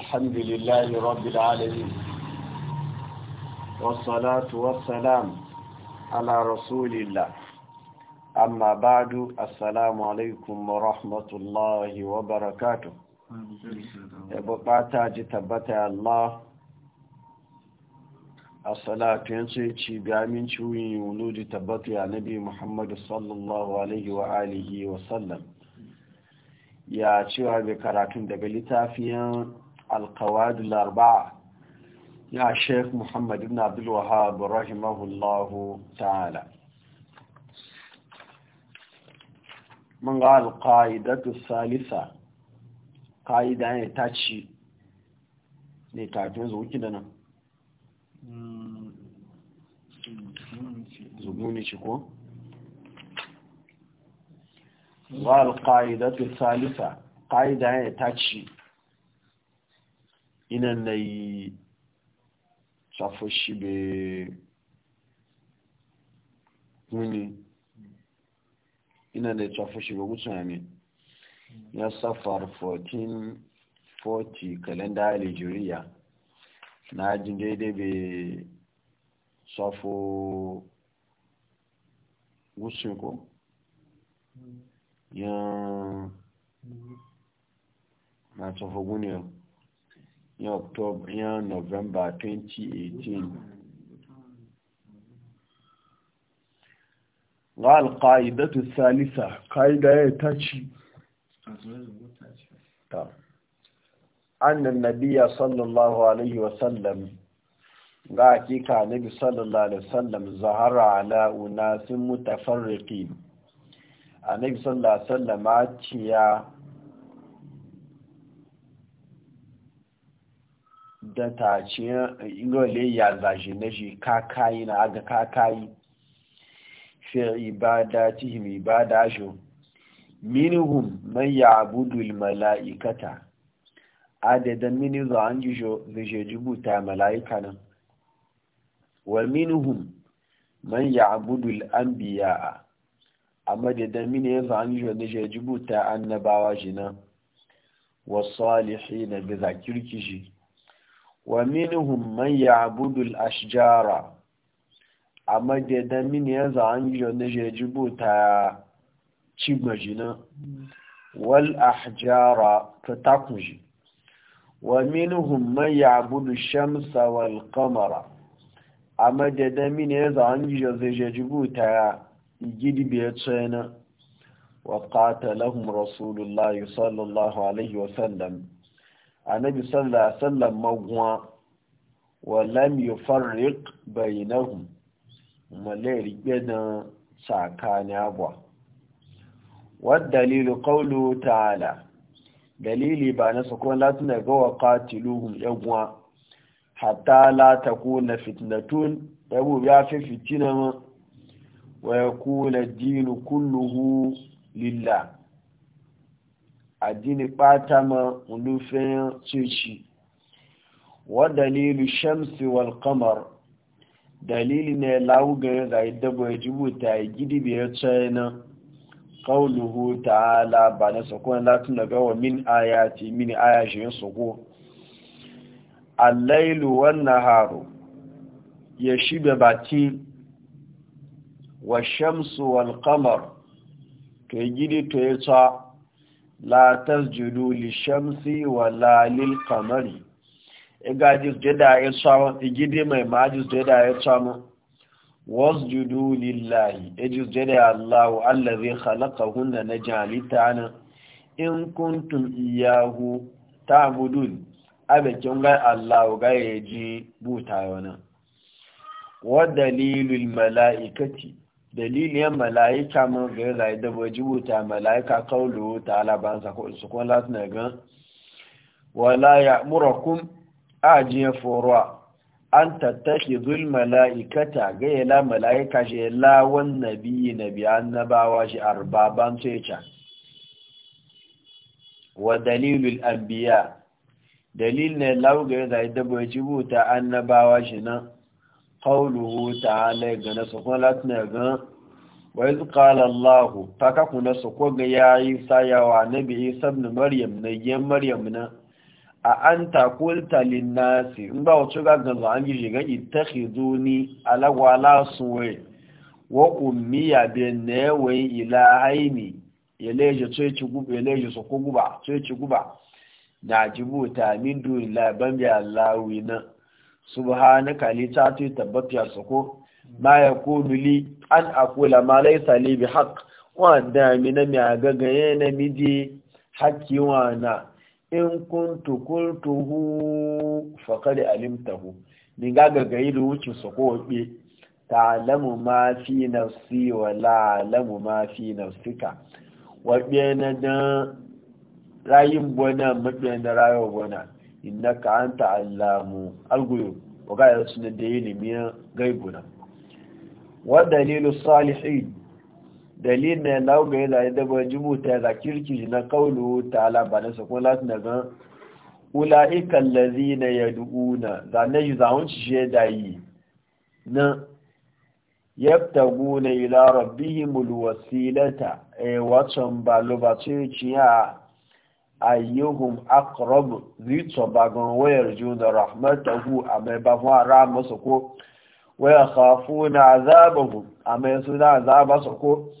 الحمد لله رب العالمين والصلاة والسلام على رسول الله أما بعد السلام عليكم ورحمة الله وبركاته يبقى تاجت بتاع الله Assalatu yanzu ya ci gamin ciwon yi wuludu tabbatu ya Nabi Muhammadu sallallahu Alaihi wa wa sallam ya ciwa bai karatun daga littafiyan القواعد الأربعة يا شيخ محمد بن عبد الوهاب رحمه الله تعالى من قال القاعدة الثالثة قاعدة يتاتشي نتاتون زوجنا زبوني شكو قال القاعدة الثالثة قاعدة يتاتشي ina na yi shi be muni ina na yi tsafoshi be gutsunami ya safar 1440 kalenda alijiriya na ajin daidai be tsafo gutsun ko yan mm-hmm. na tsafo guniyar ní october ní november 2018 ga alƙa'idatu salisa ƙa'ida ya tashi annan nabiya sallallahu alaihi wasallam ga hakika nabi sallallahu alaihi wasallam zahara ala unasin a annabi sallallahu alaihi wasallam ya da ta ce ingole ya zaje na shi kakayi na aga kakayi fi ibada tihim ibada shi minhum man ya'budu al-mala'ikata adadan min zan gijo zai jibuta mala'ika nan wa minhum man ya'budu al-anbiya'a amma da dan min zan gijo zai jibuta annabawa wasu wa salihin bi zakirkishi ومنهم من يعبد الأشجار أما جدا من يزعن يجيبو تا تشمجنا والأحجار تتقمجي ومنهم من يعبد الشمس والقمر أما جدا من يزعن يجيبو تا يجيدي بيتسينا وقاتلهم رسول الله صلى الله عليه وسلم annabi sallallahu alaihi wasallam magwa wa lam yufarriq bainahum malayri gana sakani abwa wad dalilu qawlu ta'ala dalili ba na kuma latin ga wa qatiluhum yagwa hatta la takuna fitnatun yabu ya fi fitina ma wa yakuna dinu kulluhu lillah addini ɓata ma rufin cici wa dalilu shamsi wal kamar dalili ne laugayen zai dabo ya jibuta ya gidi biyar china ƙauluhu ta'ala ba na sakon latin daga wa min ayati min ayashi yin sako allailu wannan haru ya shiga bati wa shamsu wal kamar to ya gidi to ya ta la tasjudu lishamsi wala lilqamari iga jisjada ya samu igide mai ma jisjada ya samu wasjudu lillahi ya jisjada allahu allazi khalaqahunna na jalitana in kuntum iyahu ta'budun abekin gai allahu gai ya buta wa dalilul mala'ikati dalilin mala'ika mun ga zai da wajibuta mala'ika kaulu ta ban sa ko su kun lati na gan wala ya'murukum ajiya furwa an tattashi zuwa mala'ikata ga yala mala'ika shi je la wan nabiyyi nabi annabawa shi arbaban sai cha wa dalilul anbiya dalilin ne lauga zai da wajibuta annabawa shi nan قوله تعالى غنا سكولات نغا وإذ قال الله فككنا سكوغ يا عيسى يا نبي عيسى ابن مريم نيا مريم نا انت قلت للناس ان إن باوتشوغا غنزا جي جيغا يتخذوني على ولا سوي وأمي بنوي الى عيني yaleje tsoye ci guba سكو su ko guba tsoye ci guba na jibuta min duniya ban biya lawi na subhanaka li ta tu tabbata soko ma ko li an aqula ma laysa li bi haqq wa da mi na mi agaga yana miji haƙƙi wa na in kuntu qultuhu faqad alimtahu ni gaga gayi da wucin soko ta'lamu ma fi nafsi wa la lamu ma fi nafsika bi na da rayin bona mabiyan da rayo bona innaka anta allamu wa ga ya suna da nemiyar gaibuna wa dalilu salihin dalil ne lauga ya zai daba jibuta da kirki na kaulu ta alabanin sa kuma lati daga ula'ikan lazi na ya du'una na yi zahunci shaida yi na yabtaguna ila rabbihimul wasilata e eh, watan balubacin ciya ayyuhum aqrab zito bagan wayar juna rahmatahu amma ba mu ara masa ko waya khafuna azabahu amma suna azaba su ko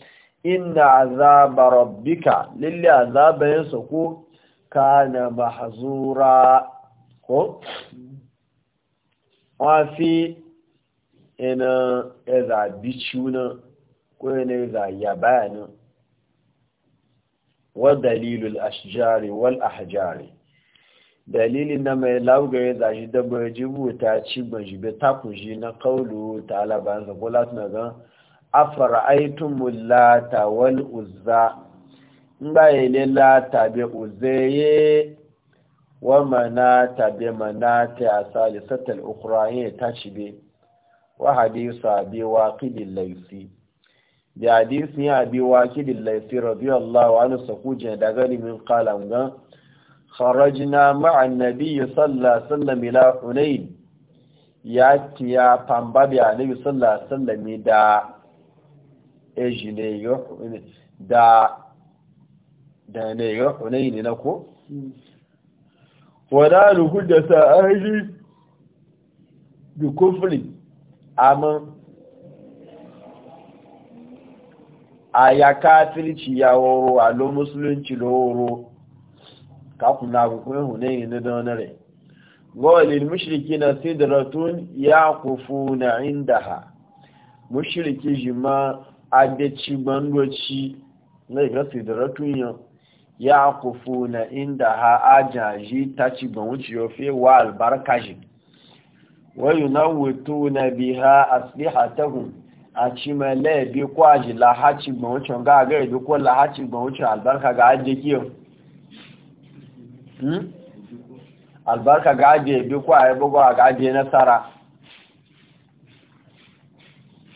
inna azaba rabbika lillahi azabayin su ko kana mahzura ko wafi ina ezabichuna ko ina ezayabanin wa dalilul ashjari wal ahjari dalilin da mai laugaye zashi da bai jibuta ci majibe takushi na kaulu ta alaban zagola suna gan afara'aitun mulata wal uzza ngbaye ne lata be uzeye wa manata be manata a salisatar ukrayin ta cibe wa hadisa be waƙilin laifi da hadisin ya abi wakilin laifi radiyallahu anhu sakuje da min kalam gan kharajna ma'a nabi sallallahu wasallam ila hunain ya tiya pamba bi annabi sallallahu wasallam da ejine yo da da ne yo hunain na ko wadalu hudda sa ahli bi kufri amma a ya kafirci ya woro a lo musulunci lo woro kakuna kukunin hunayi na donare gawalin mashiriki na sidratun ya kufu na inda ha mashiriki jima adeci bandoci na iga sidratun yau ya kufu na inda ha ajaji ta ci ban wuce yofe wa albarkashin wayo na wuto na biha aslihatahun a ci mai laifi ko a ji lahacin gbawucin ga ga e ibi ko lahacin albarka ga ajiye kiyo hmm? albarka ga ko a yi ga ajiye nasara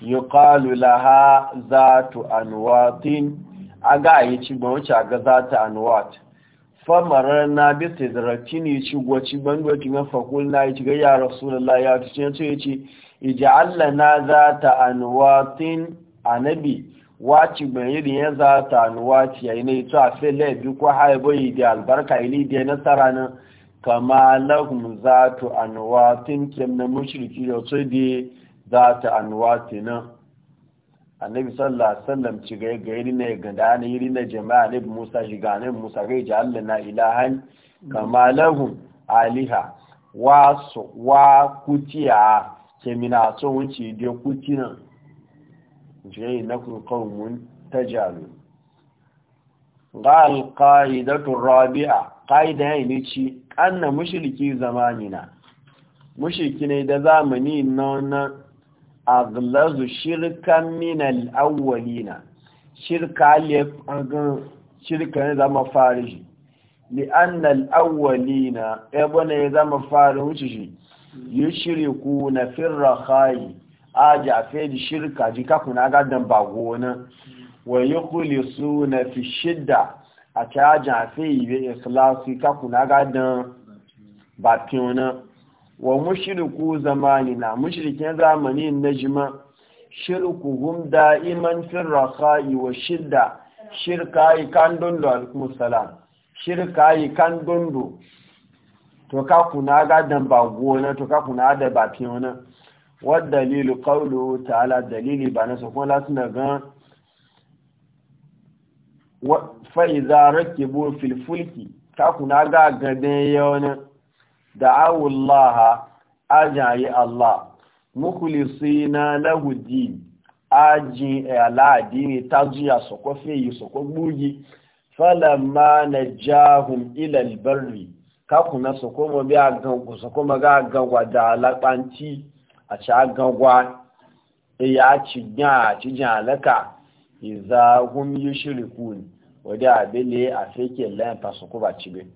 yi kalu laha za tu anuwatin a ga yi ci gbawucin ga za ta anuwat famarar na bisa zarafin yi ci gwaci bangotin ya fakul na yi ci ga yara su da ya ce ija'al lana ta anwatin anabi waci bayiri ya ta anwati yayi ne to a fele bi ko haibo yi da albarka ili da nasara na kama lahum zatu anwatin kim na mushriki da so di zata anwatin annabi sallallahu alaihi wasallam ci ga yiri ne ga ne yiri na jama'a ne Musa ga ne Musa ga allah na ilahan kama lahum aliha wa wa kutiya kemina tso wuce da kukinan jai na ta tajalu ga alƙa'idatun rabi'a ƙa'ida ya yi ci an na mashirki zamanina mashirki ne da zamani na wannan aglazu shirkan minal awwalina shirka lefagan shirka ne zama fari shi li'annal awwalina ebe ne zama fari wuce shi ku na firra khayi aja fe di shirka ji ka kuna ga dan ba gona wa yukhlisuna fi shidda a ta aja fe yi ikhlasi ka kuna ga dan ba tiona wa mushriku na mushrikin zamani najma shirkuhum da'iman firra khayi wa shidda shirka yi kan dondo alaikum salam shirka yi kan dondo to ka kuna gadan ba gona to ka kuna da ba fiyona wadda dalilu qawlu ta'ala dalili ba na sokon la suna ga fa idza rakibu fil fulki ka kuna ga gadan yona da'awu Allah ajai Allah mukhlisina lahu din aji e ala dini tajiya sokon yi sokon bugi falamma najahum ila albarri kakuna su koma bi a gangu su koma ga gangwa da laɓanci a ci a E, ya ci ya a ci jan alaka iza e hun yi shiri kuni wadda abele a fake lampa su kuma ci bi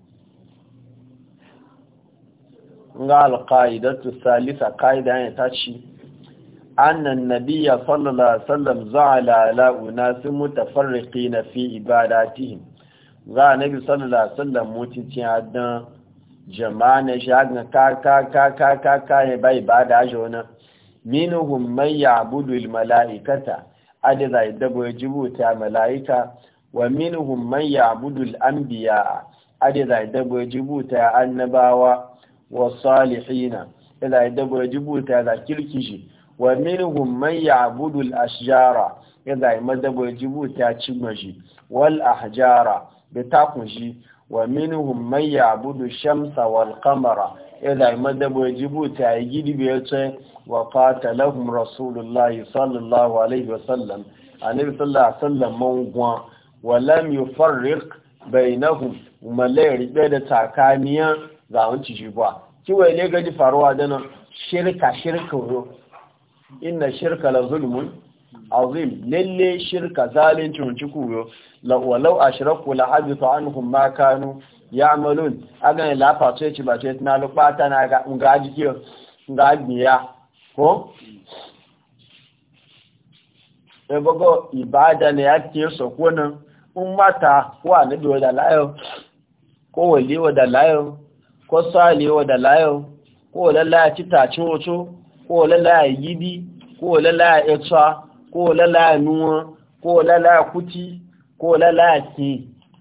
nga alƙa'idatu salisa ƙa'ida ya ta ci annan nabiya sallallahu alaihi wasallam za'ala ala unasin na fi ibadatihim za nabi sallallahu alaihi wasallam mutuncin adan jama'a na shi haka ka ka ka ka ka ka ya bai ba da shi wani minuhun mai ya abudu mala'ikata adiza ya dabo ya jibuta mala'ika wa minuhun mai ya abudu al'ambiya adiza ya dabo ya jibuta annabawa wa salihina adiza ya dabo ya jibuta da kirkishi wa minuhun mai ya abudu al'ashjara adiza ya madabo ya jibuta cimma shi wal ahjara da takun shi wa minhum man ya'budu shamsa wal qamara idza madabu yajibu ta gidi ya ce wa qatalahum rasulullah sallallahu alaihi wasallam annabi sallallahu alaihi wasallam man gwa wa lam yufarriq bainahum malai da takaniya za a ci jibuwa kiwai ne gaji faruwa da shirka shirka inna shirka la azim lalle shirka zalunci mun cikuyo walau ashraku la habita anhum ma kanu ya'malun agan la fatu ce ba ce na lubata na ga ngaji ke ngaji ya ko e bago ibada ne yake so ko nan ummata ko annabi wa da layo ko wali wa da layo ko sali wa da layo ko lalla ya ci tacin ko lalla ya gidi ko lalla ya etsa ko lala nuwa ko lala kuci ko lala ki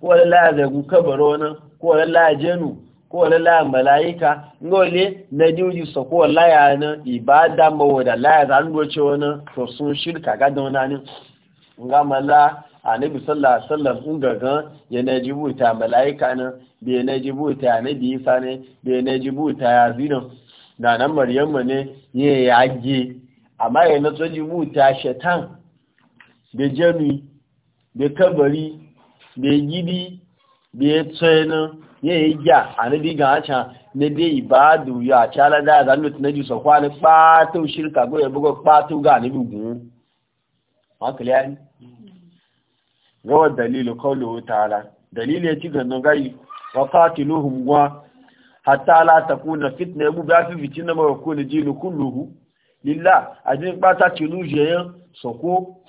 ko lala zagu kabarona ko lala jenu ko lala malaika ngole na diuji so ko laya na ibada mawa da laya zan ndo ce wona to sun shirka ga da wona ne ngamala annabi sallallahu alaihi wasallam in gaga ya na jibuta malaika na be na jibuta na bi isa ne be na jibuta yazina da nan maryamma ne ya yage amma yana to jibuta shaitan da jami da kabari da gidi da ya tsayana ya yi gya a nabi ga haca na dai ba da wuya a cala da zan mutu na jusa kwanin ɓatau shirka ko ya buga ɓatau ga nabi gun hankali ya yi gawar dalilu kawo ta'ala dalilu ya ci gano gari wa katiluhum gwa hatta la takuna fitna ya bu ya fi fitina ma wa kuna kun luhu. lillah ajin bata tilu jeyan soko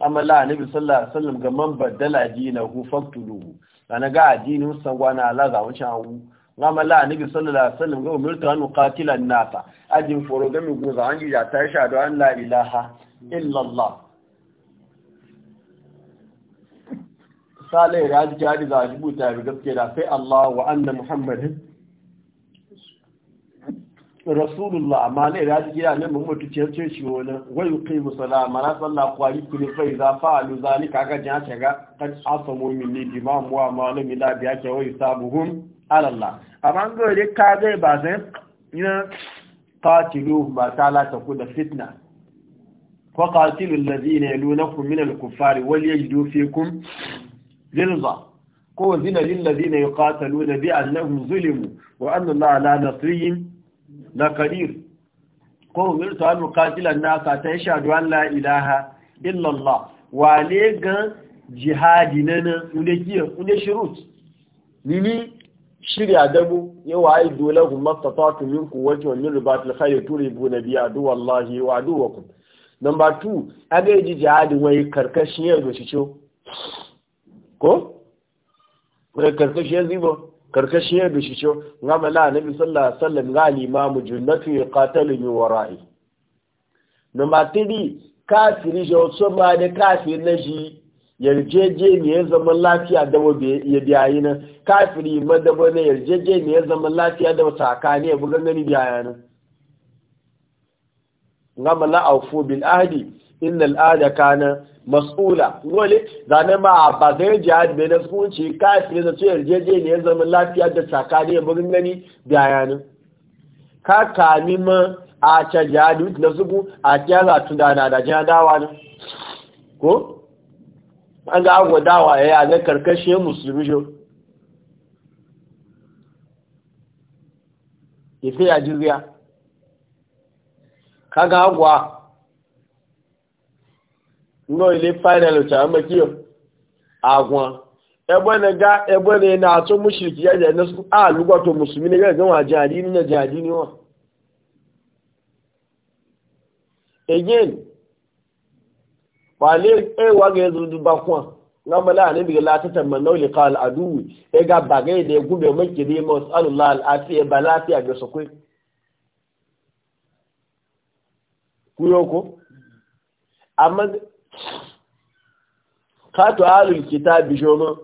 amala annabi sallallahu alaihi wasallam ga man badala dinahu faqtuluhu ana ga adinin sangwana ala za wuce hawu amala annabi sallallahu alaihi wasallam ga umirtu an qatila an-nasa ajin foro ga mi goza an ji ya sha, shahadu an la ilaha illa allah sale raji jari za a rubuta gaske da sai Allah wa anna Muhammadin rasulullah ne ya ji gida ne mun mutu ce ce shi wani wayu kai musala mala sallah kwari kuli fai za fa alu zalika ga jan ta ga kan asamu min ni dimam wa malami la biya ke wai sabuhum ala allah amma gore ka ga ba zan ina qatiluhum ba ta la ta da fitna wa qatilu alladhina yalunakum min al-kuffari wal yajidu fikum lilza ko zina lil ladina yuqatiluna bi annahum zulimu wa anna allaha la nasrihim da kadir ko umirtu an uqatilan nasa ta yashhadu an la ilaha illa Allah le ga jihadi nana ne kiyo ne shurut nini shirya dabu yawa ai dole ku mastatatu ku wajhu min ribatil khayr turibuna bi adu wallahi wa aduwakum number 2 agaji jihadi wai karkashin yau shi ko ko karkashin zibo karkashi ya bishi ce nga mala nabi sallallahu alaihi nga ga limamu junnatu yuqatalu min wara'i number 3 kafiri ya so ma da kafiri na shi yarjejeniyar zaman lafiya da wabe ya yi nan kafiri yarjeje na yarjejeniyar zaman lafiya da ne ya bugan gani biyayi nan nga mala aufu bil ahdi inna al'ada kana mas'ula wale zane ma a ba zai jihadi mai na sukunci kafin da tuyar jeje ne ya zama lafiya da tsakani ya bugun gani bayanin ka kami ma a can jihadi na suku a kiyar za tunana da jihar dawa ne ko an ga agwa dawa ya yi a na karkashe musulmi shi ife ya jirya ka ga agwa ngo ile final cha amakiyo agwa ebe ne ga ebe na ato mushriki ya je a ah, lugwa to musulmi ne ga ga wa jadi ni na jadi ni wa again wale e ga yanzu duba kwa na mala ne bi la ta tamanna li qal adu e ga bagai e da gube maki dai masallallahu alafiya e balafiya ga sokoi kuyoko amma kato alul kitabi shoma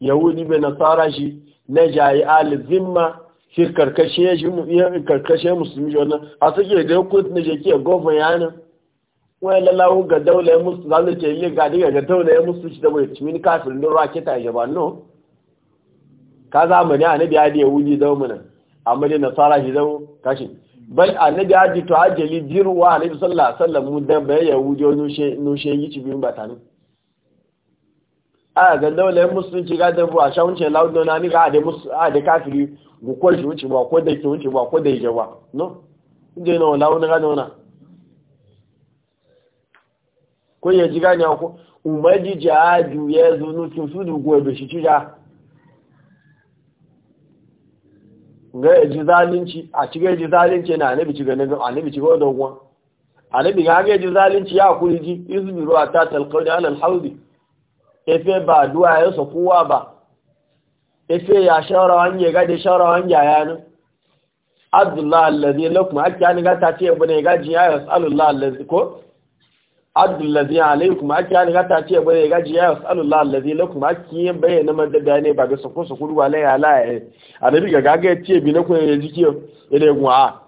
yahudi bai nasara shi na jayi alul zimma shi karkashe musulmi shi wannan a suke da hukunci na jake gofa yanin wani lalawo ga daular musu za ce yi ga diga ga daular musu shi da bai cimin kafin don raketa a jaba no ka zamani a nabi adi yahudi mu mana amma dai nasara shi zau kashin bal annabi aji to ajali dirwa alaihi sallallahu alaihi wasallam dan bai yahudi nushe nushe yici bin batani a ga dole musulunci ga da bu a shawunce laudo na ni ga da mus a da kafiri go ko shi wuce ba ko da ke wuce ba ko da yake ba no inde no lawo na ga nona ko ya ji gani ko umaji jihadu ya zunu tun su dugo da shi tija ga yaji zalunci a cikin yaji zalunci na annabi ci ganin annabi ci ganin gwan annabi ga ga yaji zalunci ya kuri ji izbiru ata talqawni ala alhawdi efe ba duwa ya so kuwa ba efe ya shawara wanye ga da shawara ya yana abdullahi allazi lakum hakka ga ta ce bane ga ji ya yasallallahu allazi ko abdullazi alaikum ake ya rigata ce bane ya gaji ya sallallahu allazi lakum ake yin bayyana madada ne ba ga sako sako ruwa la ya la ya eh. annabi ga gaga ce bi na kun ya jiki ya da gwa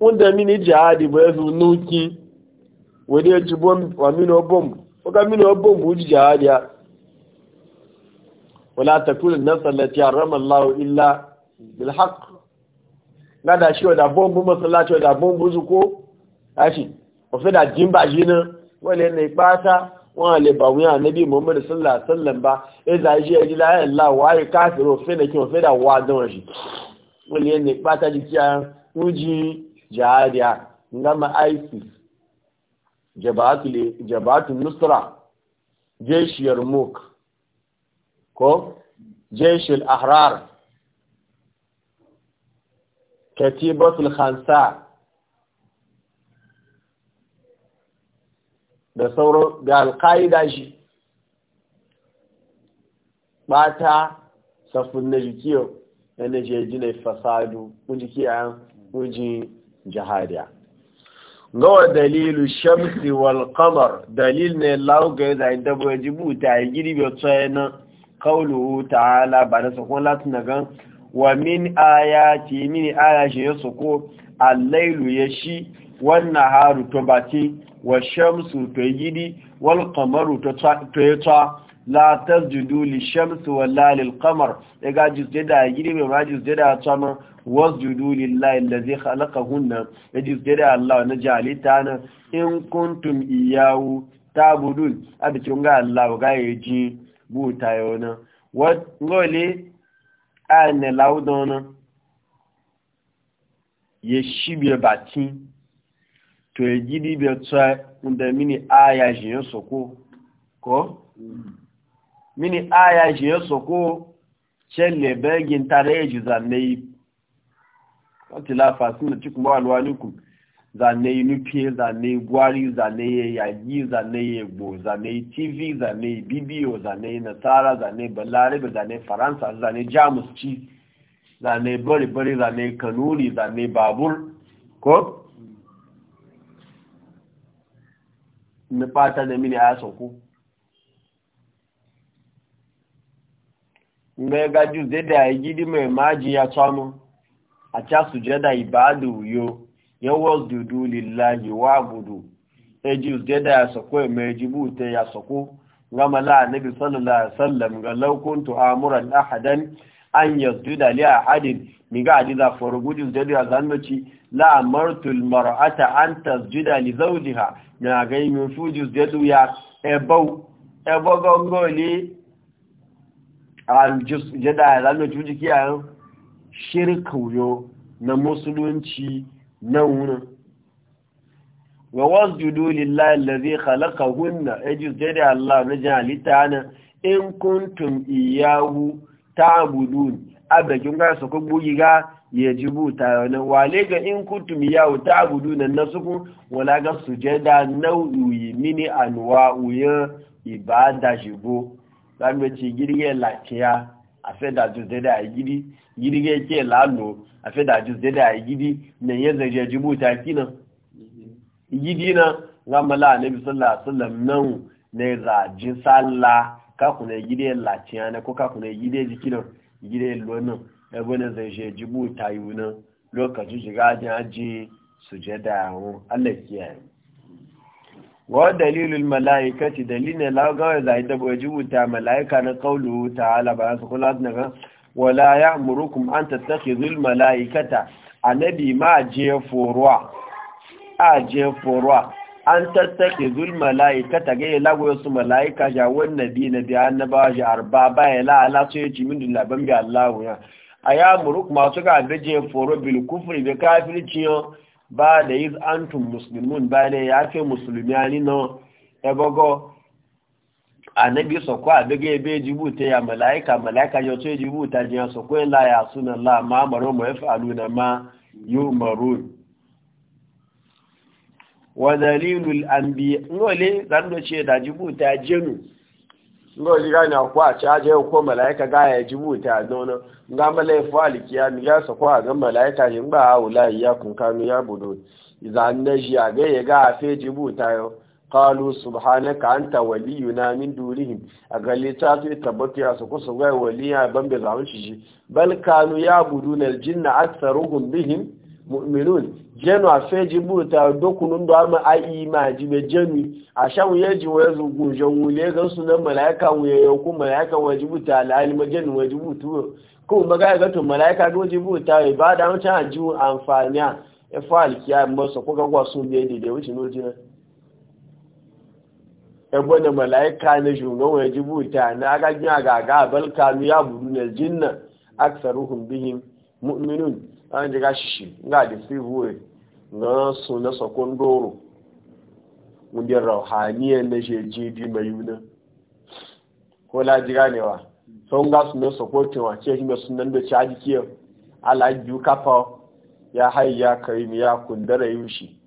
wanda mini jihadi ba su nuki wani ya ci bom wa mino bom ko mini mino bom bu jihadi ya wala takulu nafsa allati harrama allah illa bil haqq da shi da bombu masallaci da bombu zuko ashi ọ̀fẹ́dà jimba yìí náà wọ́n lè ní ipáta wọ́n lè bàwọn ànábì muhammad sallallahu alaihi wasallam ba ẹ̀zà iṣẹ́ ẹ̀jì láyé ńlá wáyé káàkiri ọ̀fẹ́dà kí ọ̀fẹ́dà wà dánwọ̀n sí wọ́n lè jabatu nusra jesh yarmouk ko katibatul da sauran ga alƙa'ida shi ɓata safin na jikiyo yana je jina fasadu kun jiki a kujin jihadiya gawar dalilu shamsi walƙamar dalil ne lauga da inda bai jibuta ya girbe tsayana ta ta'ala ba da sakon latin daga wa min mini min shi ya soko a lailu yashi wan ba tubati wa shamsu to yidi wal qamaru to ta la tasjudu li shamsi wala lil qamar daga jisjada yidi mai majis jada tsama wasjudu lillahi allazi khalaqahunna jisjada Allah na jalita na in kuntum iyawu tabudun abikin ga Allah ga yaji buta yona wat ngole an laudona ye shibe batin to ya gidi bai tsa da mini aya shi ya soko ko? mini aya shi ya soko celle begin tare ya fasi na wata lafa suna cikin ba alwalikun zane nufe zane gwari zane yayi zane yegbo zane tv zane bibiyo zane nasara zane balarabe zane faransa zane jamus ci zane bari-bari zane kanuri zane babur ko na fata da mini a sauko mai gaju zai da ya gidi mai maji ya samu a ca da ibadu yo li dudu lillahi wa budu E ji zai da ya sako mai jibu ta ya Nga gama la nabi sallallahu alaihi wasallam ga kuntu amuran ahadan an yasjuda li ahadin mi ga adiza for gudu da zan zannoci la amartul mar'ata an tasjuda li zawjiha na ga yin fuju da ya ebau ebo gongo a an jus jada zannoci jiki ayo shirku yo na musulunci na wuna wa wasjudu lillahi allazi khalaqahunna ajuz e jada Allah na jalita in kuntum iyahu ta'budun kin ga su kubu yiga yajibu ta wani wale ga in kuntum ya ta'buduna nasuku wala ga sujada nau'i mini anwa'u ya ibada jibo zamu ci girge lakiya afẹ́dàjú zẹ́dà àìgídí gídígẹ́ kí ẹ̀ láàlò afẹ́dàjú zẹ́dà àìgídí nìyẹn zẹ̀jẹ̀ jùbú gidi na gidi na alaihi wasallam àtúlẹ̀m ne za jínsá sallah. kakuna gide latiya na ko kakuna gide jikinan gide lonan ɗabunan zai je jibu tayu wuna lokacin shiga je da yawon allah kiyaye wa dalilul mala'ikati dalilin za zai dabo ta mala'ika na kaulu ta'ala ba su kula na ga wala ya murukum an tattakhizul mala'ikata nabi ma je forwa a je forwa an tattake zul mala'ika ta gaya lagos su mala'ika ja wani bi na biya na ba shi arba baya la'ala su yi cimin dulaban biya allahu ya a ya muruk masu ga abijin foro bil kufri kafirci kafirciyo ba da yi antum musulmin ba ne ya fi musulmi ya nina ebogo a na bi sokwa abige ebe jibuta ya mala'ika mala'ika ya ce jibuta jiya sokwa la ya la ma maro ma ya ma yi umaru wa dalilul ngole zan ce da jibuta jenu ngole gani akwa cha je ko malaika ga ya jibuta dono nga malaifa alkiya mi ga sa kwa ga malaika yin ba haula ya kun kanu ya budo idan na ga ya ga fe jibuta yo qalu subhanaka anta waliyuna min durihim a ta su tabbata ya su kusa waliya bambe be zamun shi bal kanu ya buduna aljinna aktharuhum bihim mu'minun jenu a feji buta dokunun da ama a ima ji jenu a shan wuye ji wa yanzu gujen wule gan su nan malaika wuye yau ko malaika wa ji buta alhali ma jenu wa butu ko maga ga to malaika do ji buta ibada an ta ji amfani e fa alkiya mo so ko ga gwa sun biye de de wuce no jina e bona malaika ne jungo wa ji buta na ga agaga a balka mi ya buru ne jinna aksaruhum bihim mu'minun an ji gashi shi ga da fibuwe na su na sakon doro wunde rauhaniyar na shejebi mai yuna ko laji ganewa sun ga su na sakotin ce shi mai sunan da ci a kiyar alajiyu kafa ya hai ya karimi ya kundara yushi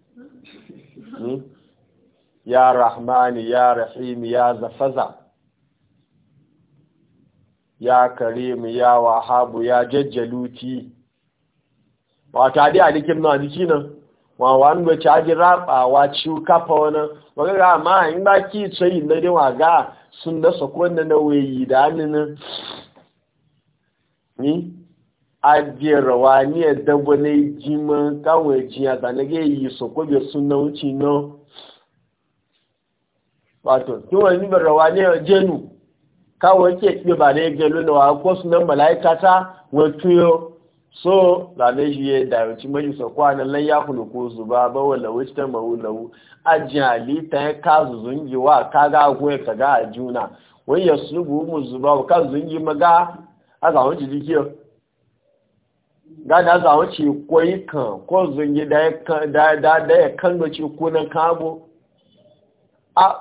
hmm? ya rahmani ya rahim ya zafaza ya karimi ya wahabu ya jajjaluti wato adi alikin na jiki nan wa wani gbe caji rabawa ciwo kafa wani magaga ma in ba ki tsayi na dai waga sun da sakon da na wayi da hannun ni ajiyarwa wani ya dabo na jiman kawai jiya zanage yi sakon da sun na wuce na wato tí wọ́n ní bẹ̀rẹ̀ wa ní jẹ́nu káwọn tí ba da ya gẹ̀lú na wa kó sunan mọ̀láìkátá wọ́n tún yóò so zane shi ya dawaci mai isa kwanan lai ya kula ko zuba ba wala wacce ta maulawu a jali ta ya kazu zungi wa ka ga goya ka ga a juna wai ya su bu mu zuba wa ka zungi ga a ga zawon jiki dikiyo ga da zawon ci koyi kan ko zungi da ya kan ce ci kunan kabo a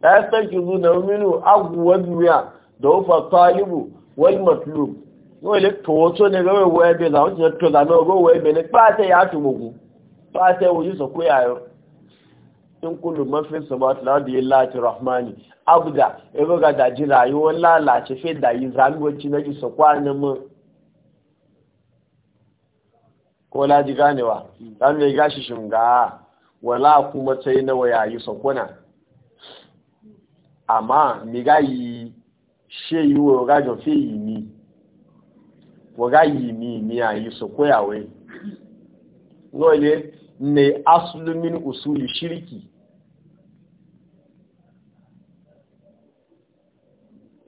da ya sarki zuna minu aguwa duniya da ufa talibu wani matlub wọ́n lè tọ̀wọ́ tó ní ẹgbẹ́ ìwọ ẹgbẹ́ làwọn ti tó lànà ọgbọ́ ìwọ ẹgbẹ́ ní pàṣẹ yà á tún gbogbo pàṣẹ ojú sọ pé àyọ ń kó lò mọ́ fẹ́ sọ̀bọ̀ àti láti láti rahmani abuda ẹgbẹ́ ga dàjí rà àti fẹ́ dà yí tí náà sọ pé àná mọ́ kó wa láti lè gáṣì wọ́n láàkú mọ́tẹ́ iná wọ́n yà yí sọ̀kúnà àmọ́ mi gá yí ṣé yí wọ́n fẹ́ yìí ni. waga yi mi mi a yi so koyawe lole ne asulumin usuli shirki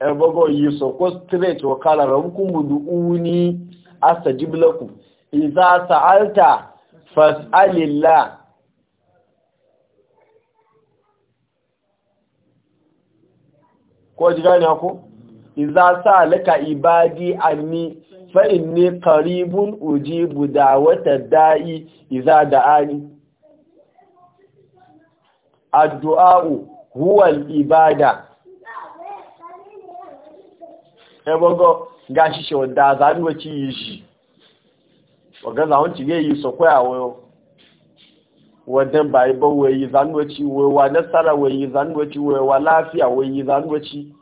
ebogo yi so ko straight wa kala rabkum buduni astajib Iza idza sa'alta fas'alillah ko ji ku? Iza sa sa'alaka ibadi anni fa'in ne karibun ujibu da wata da'i iza da ani. Addu'a'u huwal ibada. Ebogo gashi shi wadda zanuwa ci yi shi, waga za zahun ne yi so kwaya wayo. Waddan bayi ban wayi zanuwa ci wayewa nasara wayi zanuwa ci wayewa lafiya wayi zanuwa ci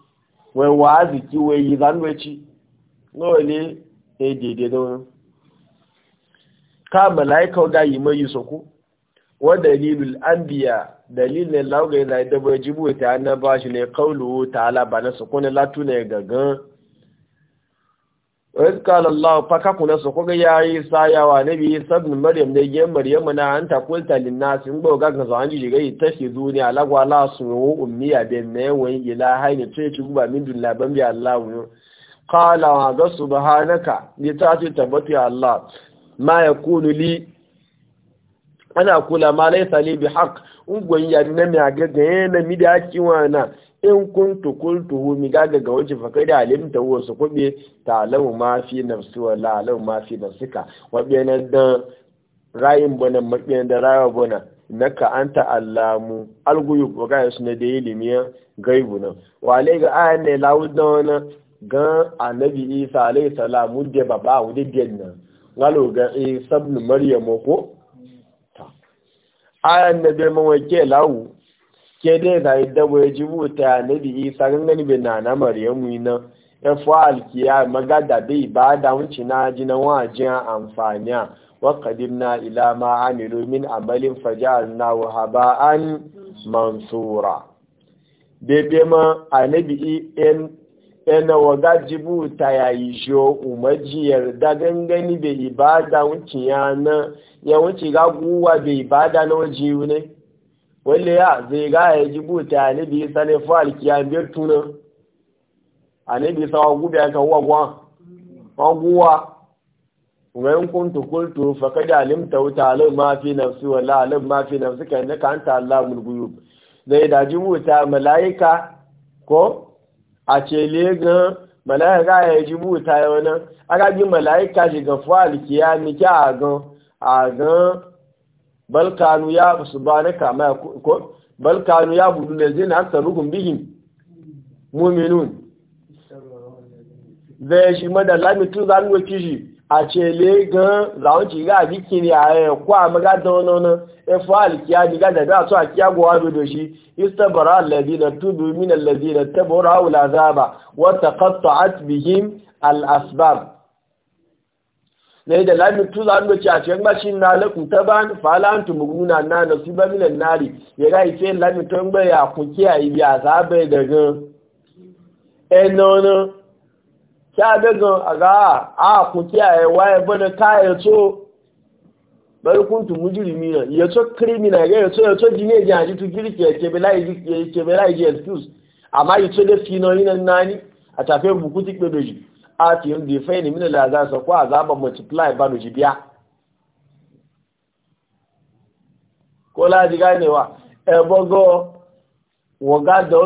wayewa arziki wayi zanuwa ci. Nawa ne e daidai da wani ka mala'ika da yi mai soko wa dalilul anbiya dalilin lauga yana da bai jibu ta annaba shi ne kaulu ta'ala ba na soko ne latu ne gangan wai kala Allah fa ka kuna soko ga yayi sayawa na nabi sabn maryam da yayin maryam na an ta kulta linnas in ba ga ganzo an ji ga tashi zuni alagwa la su ummiya bin ne wani ilahi ne ce ci guba min dun laban bi Allah qala ga subhanaka ni ta ce ya Allah ma kunu li ana kula ma laisa li bihaq ungon ya na mi aga ga na mi da wana in kuntu qultuhu mi ga ga wace fa kai da alimta wasu su kube ta lamu ma fi nafsi wa la lamu ma fi nafsika wa bayan da rayin bana mabiyan da rawa bana naka anta allamu alguyu wa ga su ne da ilimiya gaibu nan wa alai ga ayan ne da wannan gan annabi isa alayhi salam wuje baba wuje biyanna ngalo ga isa ibn maryam ko ta ayan nabi mun wake lawo ke dai da yadda bai jibu ta annabi isa gangani be nana maryam ina ya ki alkiya magada be ibada wunci na ji na wajin amfaniya wa qadimna ila ma amilu min amalin wa haba'an mansura bebe ma annabi in yana waga jibu ta yayi sho umaji yarda gangani da ibada wuce ya na ya wuce ga guwa da ibada na waje ne wale ya zai ga ya jibu ta ne bi sane fal kiya biyar tuna ane bi sawa gube aka wagwa wagwa wayan kuntu kultu faqad alimta wa ta'lam ma fi nafsi wa la alim ma fi nafsika innaka anta allamul ghuyub zai da jibu ta malaika ko a cele gan mala'ika ya ji buta ya wani agagi mala'ika shiga fuhal kiya niki a gan a gan balkanu ya su ba na kama ya ko balkanu ya budu da zai na aksa rukun bihin muminun zai shi madalla mutu zanuwa shi. àṣẹlẹ̀ gan làwọn jì rá ní kiri ààrẹ ẹ̀kọ́ àmọ́gádán ọ̀nà ẹfọ́ àlìkíá ní gádàdá àtọ́ àkíyàgbọ́ àdòdò sí istabara alẹ́dínà túbù mínà lẹ́dínà tẹ́bọ̀rọ̀ àwòlà wọ́n tàkọ́tọ̀ àtìbìhìm al'asbab na da lamin a cikin bashin na ta ba ni fa'ala tu na ba ya ga ife lamin tun bai ya ku kiyaye za da gan e kya dagan a ga a ku kiyaye waye bane ka ya so bari kun tu mujrimi na ya so criminal ga ya so ya so jine ji haji tu girki ya ke bela ji ke bela ji excuse amma ya so da fino ina nani a tafe buku ti pe doji a ti yin defend min la za so ko azaba multiply ba doji biya ko la ji ganewa e bogo wo ga do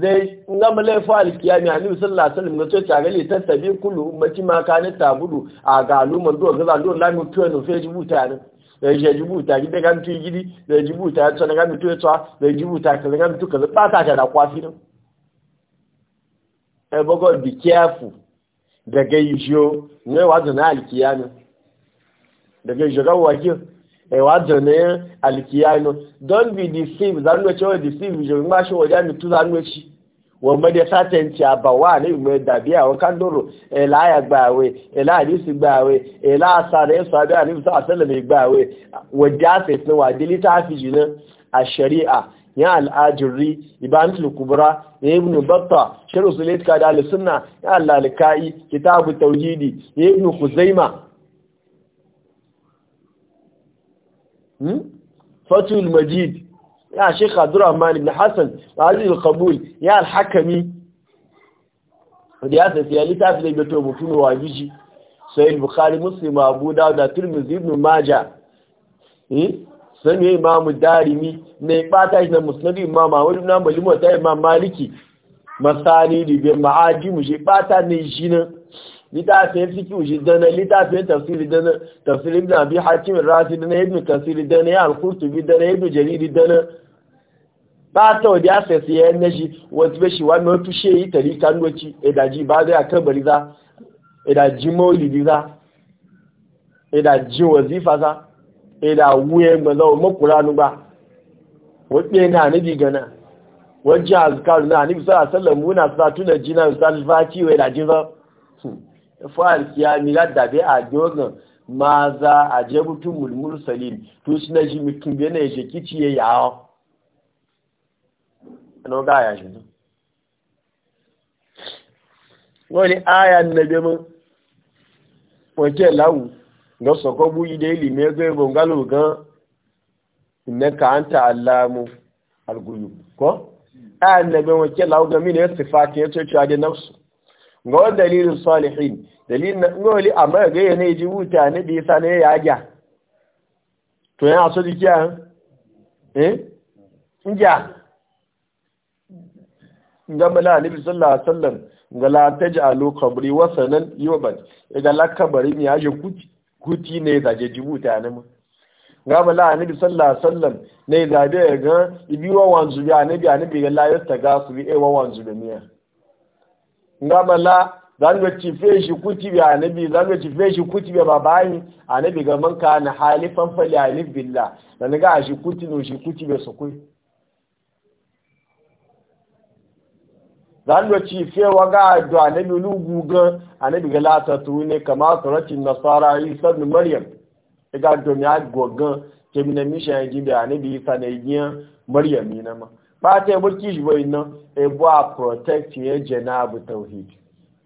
zai nga male fa alkiyami ani sallallahu alaihi wasallam gato ta gale ta tabi kullu ummati ma kana tabudu a ga lumun do ga zando la mu tuwe no feji buta ne da je jibuta gida kan tu gidi da jibuta ya tsana ga mu tuwe tsa da jibuta ka ga mu tuka ba ta ta da kwafi ne e bogo be careful daga yijo ne wa zana alkiyami daga yijo ga wakiyo ẹ̀wà jọ̀nẹ́ àlìkìyà inú don't be deceived zanú ẹ̀kí wọ́n deceived jù ń gbáṣọ́ wọ̀dá mi tú zanú ẹ̀kí wọ́n mẹ́dẹ sátẹ̀ǹtì ní ìmọ̀ ẹ̀dàbí àwọn kándòrò ẹ̀là àyàgbàwẹ̀ ẹ̀là àdìsí gbàwẹ̀ ẹ̀là àsàrẹ̀ ẹ̀sọ̀ abẹ́ àníbùsọ̀ àtẹ́lẹ̀mẹ̀ gbàwẹ̀ wọ̀dá àfẹ̀sìn wà délé táàfì náà àṣẹrí à ya al'ajirri ibantul kubra ya ibn batta shirin su letka da alisunna ya allalika'i kitabu tauhidi ya ibn kuzaima Hmm? fatul majid ya sheikh abdurrahman ibn hassan aziz al-qabul ya al-hakami da ya tafi ya littafi da gato mutum wa biji sai bukhari muslim abu dawud da tirmidhi ibn majah eh hmm? sai ne imamu darimi ne bata shi na musnad imam ahmad na hanbali da ta imam maliki masani da bi ma'aji mu shi bata ne shi littafin fikiyu shi dana littafin tafsiri dana tafsiri ibn abi hakim rafi dana ibn kasiri dana ya al-qurtubi dana ibn jariri dana ba ta wadi asasi ya na shi wata bashi wani wata shi yi tari kandoci idaji ba zai akan bari za idaji maulidi za idaji wazifa za ida wuye gbaza wa makuranu ba wadda na nabi gana wajen azkaru na nabi sallallahu alaihi wasallam muna sa tuna jina misali fati wa idaji za fa'al kiyami ga dabe a jogan ma za a je mutum mulmul salim to shi na shi mutum bai na yashe kici ya yawa ano ga ya shi wani aya na bi mun wace lawu ga soko buyi da ilimi ya gaya bongalo gan inna ka anta allamu alguyu ko ayan na bi wace lawu ga mini ya sifati ya ce cewa da nafsu ga wani dalilin salihin dalilin na ngoli amma gaya yana ji wuta ne da yasa ne ya ja to yana so dikiya eh inja ga mala nabi sallallahu alaihi wasallam ga la taj'alu wa wasanan yuban ga la kabari ya yaje kuti kuti ne da je wuta ne mu ga mala nabi sallallahu alaihi wasallam ne da be ga wa wanzu ya nabi nabi ga la yasta ga su bi e wanzu da miya ngamala zanga cife shi kuti bi anabi zanga cife shi kuti bi babani anabi ga man na halifan fali alif billah dan ga shi kuti no shi kuti bi sukui zanga cife wa ga do anabi lugu ga anabi ga lata tune kama suratin nasara isa ibn maryam ga do mi agogan kemi na mishan jibi anabi isa na yiyan maryam ni na ma fata ya mulki shi bai nan ebuwa protect ya jana abu tauhid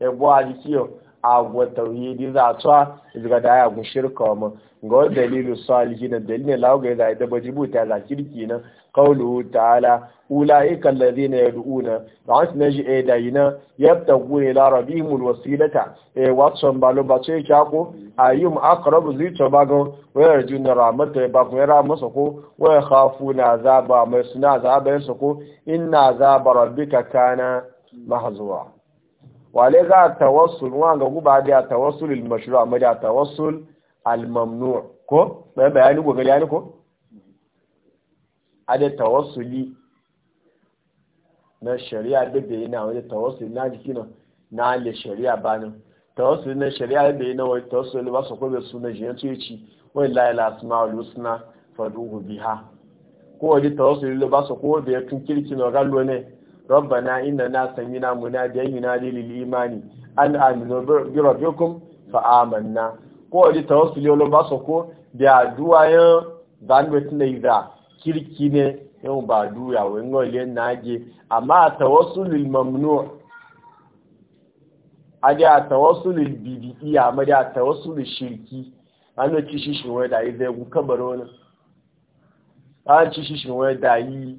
ebuwa alikiyo agwa tauhidi za tsuwa daga da ya gun shirka wa mun ga wani dalilu salihi na dalilin lagos da ita baji buta za kirki nan kaulu ta'ala ula ikan lalazi na yadu'u na da wasu na ji ɗaya eh, yi na yadda gure larabi mul wasilata eh, wasu watson balo ba ce kyako a yi mu aka rabu ba gan wayar juna ramata ba kuma yara masa ko wayar hafu na zaba mai suna zaba yasa ko in na zaba rabbi ka kana mahazuwa wale ga tawassul wa ga guba da tawassul al-mashru' amma da tawassul al-mamnu' ko bai bayani go gari ko ada tawassuli na shari'a da bai na wani tawassuli na jiki na na le shari'a ba nan tawassuli na shari'a da bai na wani tawassuli ba su ko bai suna jiyan tuci wani la ilaha asma'ul husna faduhu biha ko wani tawassuli ba su ko bai tun kirki na gallo ne rabbana na samina munadiyan yunadi lil imani an aminu bi rabbikum fa amanna ko di tawassuli lo ba so ko kirki ne yau ba duya wai ngo ile naje amma tawassulul mamnu ade a tawassulul bid'i amma da tawassulul shirki an ci shi shi wai da yi ku kabaro ne an ci shi shi da yi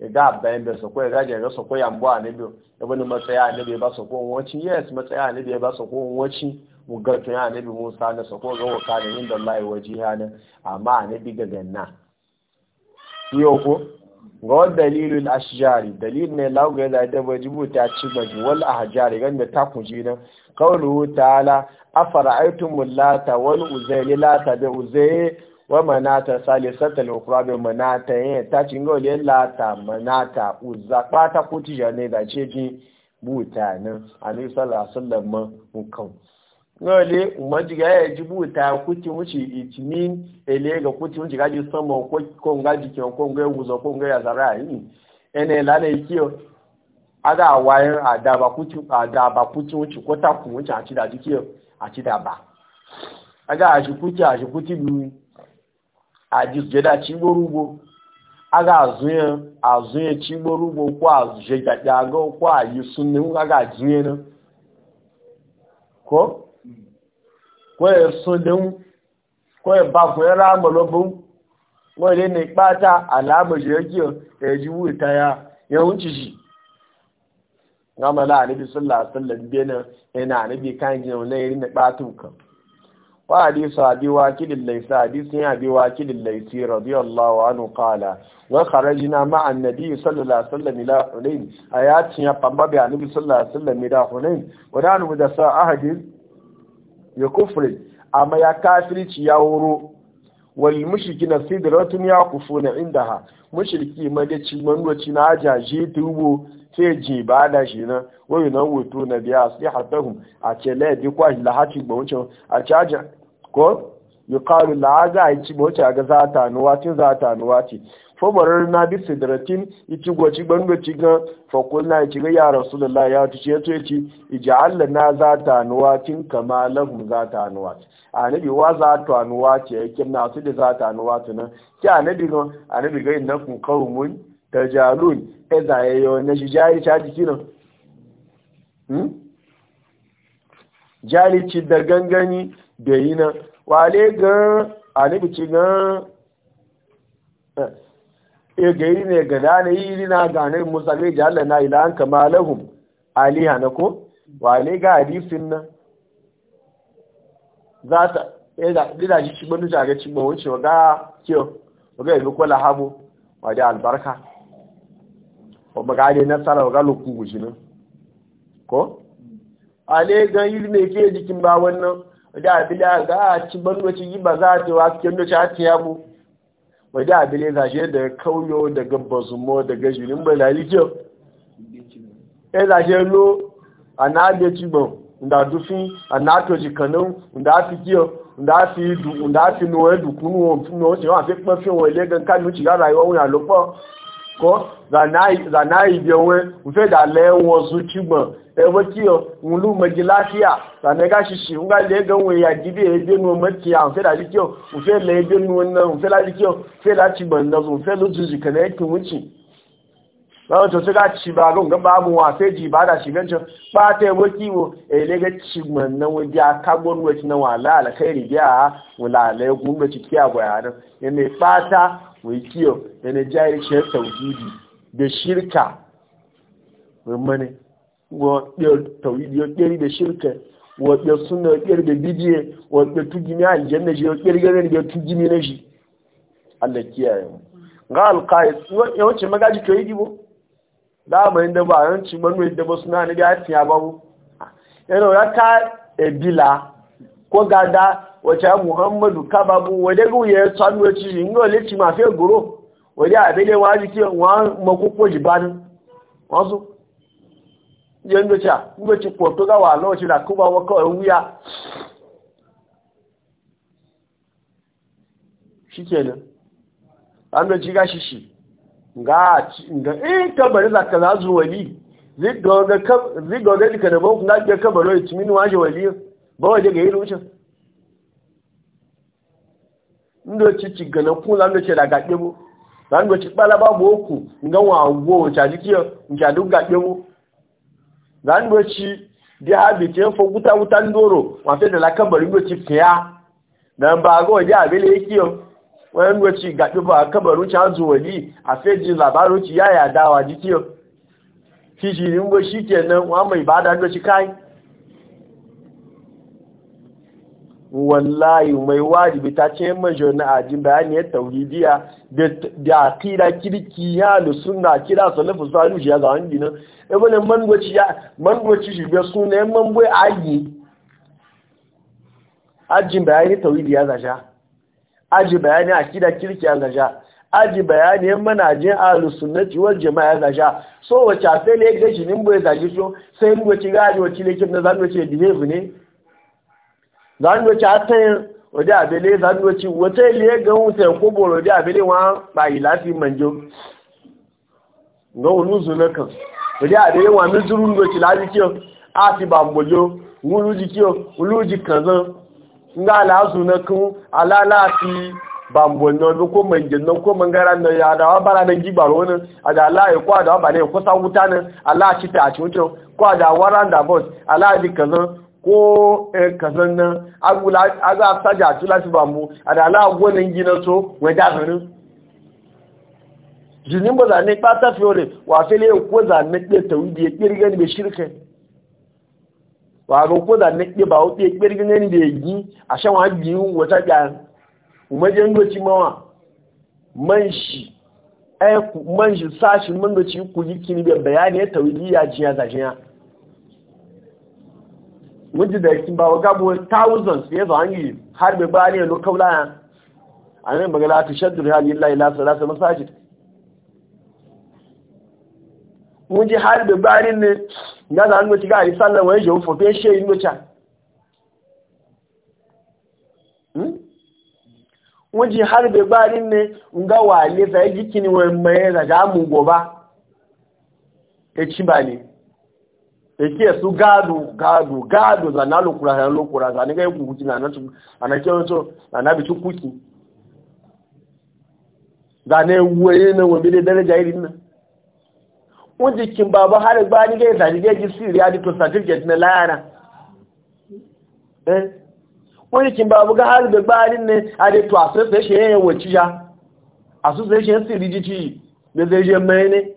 ga abdayin bai sako ga ga sako yambo annabi da wani matsaya annabi ba sako wanci yes matsaya annabi ba sako wanci mugartun annabi Musa na sako ga waka da inda Allah ya wajiha na amma annabi ga ganna yo ko ga dalilul ashjari dalil ne lawo ga da da wajibu ta ci baji wal ahjari ganda ta kuji nan qawluhu ta'ala afara'aytum lata wal uzayli lata da uzayli wa manata salisata lokura bai manata yin eh, ta ci ngole lata manata uzza pata ko tija da ce jin buta nan alayhi sallallahu alaihi wasallam hukan ngole umajiga ya ji buta kuti wuce itinin ele ga kuti wuce gaji sama ko ko ngaji ko ngai uzo ko ngai azara yi eh. ene lana ikiyo aga wayan adaba kuti adaba kuti wuce ko ta kun wuce a ci da dikiyo a ci da ba aga a shi kuti a shi kuti biyu aji sujada cigboro ugbo a ga-azụnye azụnye chigboro ugbo kwa jegaga aga kwa yi sunne a ga-ajụnye na ko kwaye sunne kwaye bakwai ramalobin wani ne kpata alamaji yake da ji wuta ya yawanci shi gama na anabi sallallahu alaihi na bena yana anabi kan gina wani yari na ụka. wa hadisu abi wakilin laisi hadisun abi wakilin laisi radiyallahu anhu qala wa kharajna ma'a an-nabi sallallahu alaihi wasallam ila hunain ayatin ya pamba bi annabi sallallahu alaihi wasallam ila hunain wa danu da sa ahadin ya kufri amma ya kafirci ya wuro wal mushrikina sidratun yaqufuna indaha mushriki madaci manwaci na ajaje tubo sai ji ba da shi na wayo na wuto na biya aslihatahum a ce la bi kwa lahati gbawucin a caja ko yi la la'aza a ci a ga za ta nuwa ce za ta nuwa ce fobarar na bi sidratin ici gwaci gbanga ci ga fakul na ci ga ya rasulullah ya tuce ya iji ija'alla na za ta nuwa tin kama lahum za ta nuwa ce nabi wa za ta nuwa ce yake na su da za ta nuwa ce nan ki nabi ga nabi ga innakum qaumun tajalun idza yayo na shi jayi ta jiki nan hmm? jalici da gangani da yi nan wale gan anibici gan e eh, eh, gairi ne ga dana yi rina ganar musa zai ji na ila an kama lahum aliha na ko wale ga hadisin nan za ta ɗaya shi cimma nuta ga cimma wuce ga kyau waga yi kwala habu wadda albarka wadda ga ne nasara waga lukun guji nan ko ale ga ilme ke jikin ba wannan wadda da ga a ci banwaci yi ba za a tewa cikin da ta tiya mu wadda abila za shi da kauyo da gabazumo da gajirin bai lalikyau ya e za shi lo a na abe cibon da dufi a na toji kanon da fi kiyo da a fi nuwa dukunu wọn fi nuwa fi pẹ́ fi wọn ilé gan kánú ci yára ìwọ̀n àlọ́pọ̀ kọ́ zanayi jẹun nfẹ́ dàlẹ́ wọn sún túgbọ̀n ẹwọ́ tí ọ ńlú mẹ́jì láfíà zanaga ṣiṣi ńgá lẹ́gẹ̀ wọn èyà jíbí ẹgbẹ́ nu ọmọ tí a nfẹ́ láti kí ọ nfẹ́ lẹ́ ẹgbẹ́ nu ọ̀nà nfẹ́ láti kí ọ nfẹ́ láti gbọ̀n lọ́sùn nfẹ́ lójújì kẹ̀lẹ́ kìwúnchì báwọn tó tóga ci ba gun gaba mu wa sai ji ba da shi ganci ba ta yi waki wo e ne ga ci man nan wani ya fata wai kiyo da na jari shi tauhidi da shirka wai mane da shirka wa suna sunna da bidiye wa tujini a aljanna shi ya kiri ganin da tujini na shi Allah kiyaye mu ga alqais yawanci magaji to yi bo da mai da ba yawanci manwe da ba suna ne da ya babu yana wata ta ebila ko gada wata muhammadu kababu wadda ruye sanwaci ingo leci mafi guro wadda abele wa jike wa makoko jibanin wasu yadda ca ngoci koto gawa lokaci da kuma waka wuya shi kenan an ci gashi shi da na timin e, waje ba waje ga yi wucin ndoci gana kula ndoci da gaɗe mu na ndoci ɓala babu oku nga wa agwo nca jikiyar nca duk gaɗe mu na ndoci di habi ke fo guta guta ndoro wafe da ndoci fiya ba ga waje abele yake wani ndoci gaɗe ba zuwali a fejin labarin ci yaya dawa jikiyar fiji ni ndoci kenan wa mai ba da ndoci kai wallahi mai wajibi ta ce majo a ajin bayani ya tauhidiya da kira kirki ya da suna kira salafu salu shi ya ga wani nan ibinin mangoci ya shi biya suna yan mangoci aji ajin bayani tauhidi ya zasha aji bayani a kira kirki ya zasha aji bayani yan manajin alu sunnati wal jama'a sha so wace a sai ne gashi nin bai zaji so sai mangoci ga aji wacce ne na zanwace ya behave ne zangoci atayin wadda abele zangoci wata iliye ga wutan kuboro wadda abele wa bayi lafi manjo ga wani zuna kan wadda abele wa mi zurun goci lafi kiyo a ti bambojo wulu ji kiyo wulu ji kanzan nga ala zuna kan ala lafi bambojo bi ko manjo nan ko mangara nan ya da wa bara nan gibaro wani a ada ala ya e kwa ada wa ba ne kusa wuta nan ala ci ta a ci wuce ada da waranda boss ala ji kanzan ko eh, kasan nan a za a saja a tula shi ba mu a da ala gwanin gina so wai dafarin jinin ba zane ba ta fiye wa fili ko zane ɗaya ta wuce ya ƙirga ne bai shirka wa ga ko zane ɗaya ba wuce ya ƙirga ne da ya yi a shan wa biyu wata ƙyar umarjen goci mawa man shi eh, man shi sashin man goci ku yi kini bayani ya tawili ya jiya zajiya wajen da yakin bawa wa gabo thousands ya zo an yi har bai ba ne lokau laya a nan bagala ta shaddu da halin lai lasa lasa masajid mun harbe har ba ne na za a nuna a yi sallan wani jawon fofe shi yi nuna mun ji har ba ne ga wale hmm? za yi jikin wani mai zaga mu goba ya e ci ba ne eke esu gado gado gado za na lokura ha lokura za ni ga yugu na na tu onto na na bi kuki za ne wuye na wo bi de daraja irin na won ji kin baba har ba ni ga za ni ga ji siri adi to certificate na laara. eh won ji kin baba ga har be ba ni ne adi to association yen wo chiya association siri ji ti be ze je mene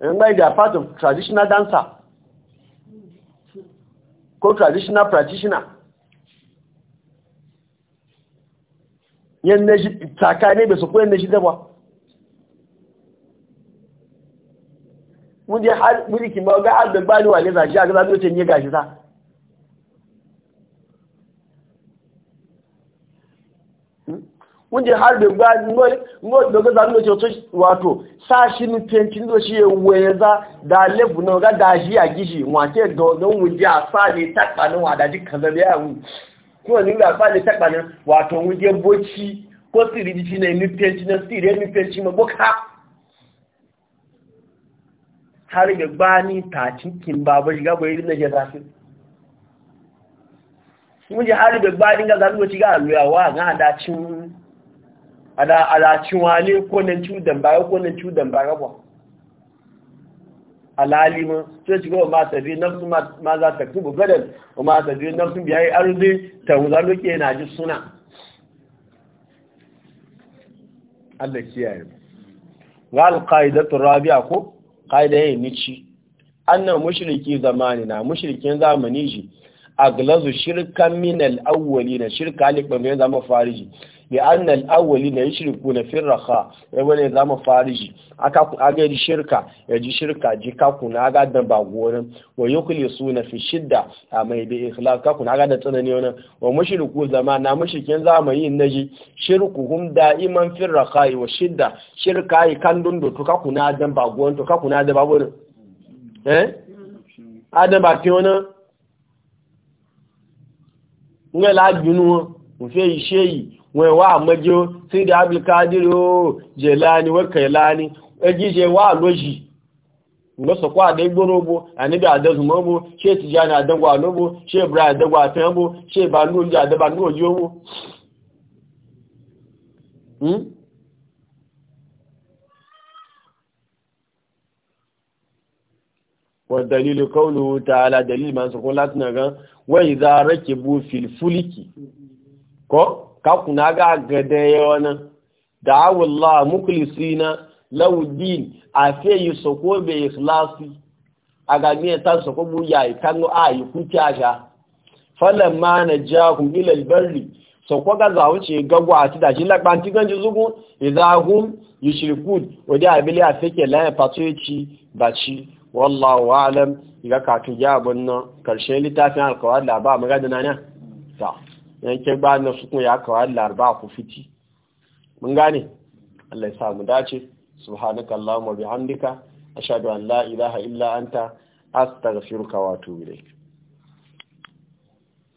eh, ngai da part of traditional dancer ko traditional practitioner yanda shi taka ne bai su koyar da shi zaba wunde har mulki ma ga albani wa ne zashi a ga zaɓi wacce ne gashi wunje har da gba ngoi ngoi dogo za mu to wato sa shi ni tenti ndo shi e weza da lebu no ga da shi a gishi wa ke don wunje a sa ni takpa no wa da ji kaza biya wu ko ni ga fa ni takpa no wato wuje boci ko siri ji ne ni tenti na siri ni tenti ma boka har ga gba ni ta cikin baba shiga bai rinna je zafi wunje har da gba ni ga za mu ci ga aluyawa ga da cin ala ala cinwale ko nan cudan ba ko nan cudan baya ba alalima sai ci gaba ma nan kuma ma za ta kubu gadan bi nan kuma biyayi arzi ta wuza loke na ji suna Allah kiyaye wal qaidatu rabi'a ko qaida yayin nici annan mushriki zamani na mushrikin zamani ji aglazu shirkan min al-awwalina shirka ne ban zama fariji da annal awwali na yushriku na firraha ya wani zama fariji aka ku aga yi shirka ya ji shirka ji ka ku na ga da ba gorin wa yukhlisu na fi shidda a mai bi ikhlas ka ku na ga da tsanani wannan wa mushriku zama na mushrikin zamani naji hum da'iman firraha wa shidda shirka yi kan dundo to ka ku na da ba gorin to ka ku na da ba gorin eh adam ba ti wannan ngela junu mu fe ise yi wẹ̀wà àmọ́jọ́ sí ìdá abúlkádìrí ó jẹ̀láni wẹ́kẹ̀láni ẹjíṣẹ́ wà lójì lọ́sọ̀kọ́ àdẹ́gbónógbó àníbẹ̀ àdẹ́zùmọ́gbó ṣe tìjáni àdẹ́gbà lógbó ṣe ìbìrà àdẹ́gbà àfẹ́gbó ṣe ìbàlú ojú kakuna kuna ga gada yawana da awullah muklisina lawuddin a fe yi soko be ikhlasi a ga ne ta soko bu ya kan a yi kuka sha falon ma na jahum ila albarri soko ga za wuce gagwa ti da shi lagban ti ganji zugun idahum yushrikun wadi abili a feke la fatoci e baci wallahu alam ga ka ya bunna karshen littafin alqawad la ba magana na yanke ba na su ya da larba ku fiti mun gane Allah ya samu dace subhanaka allahumma bihamdika ashhadu an la ilaha illa anta astaghfiruka wa atubu ilayk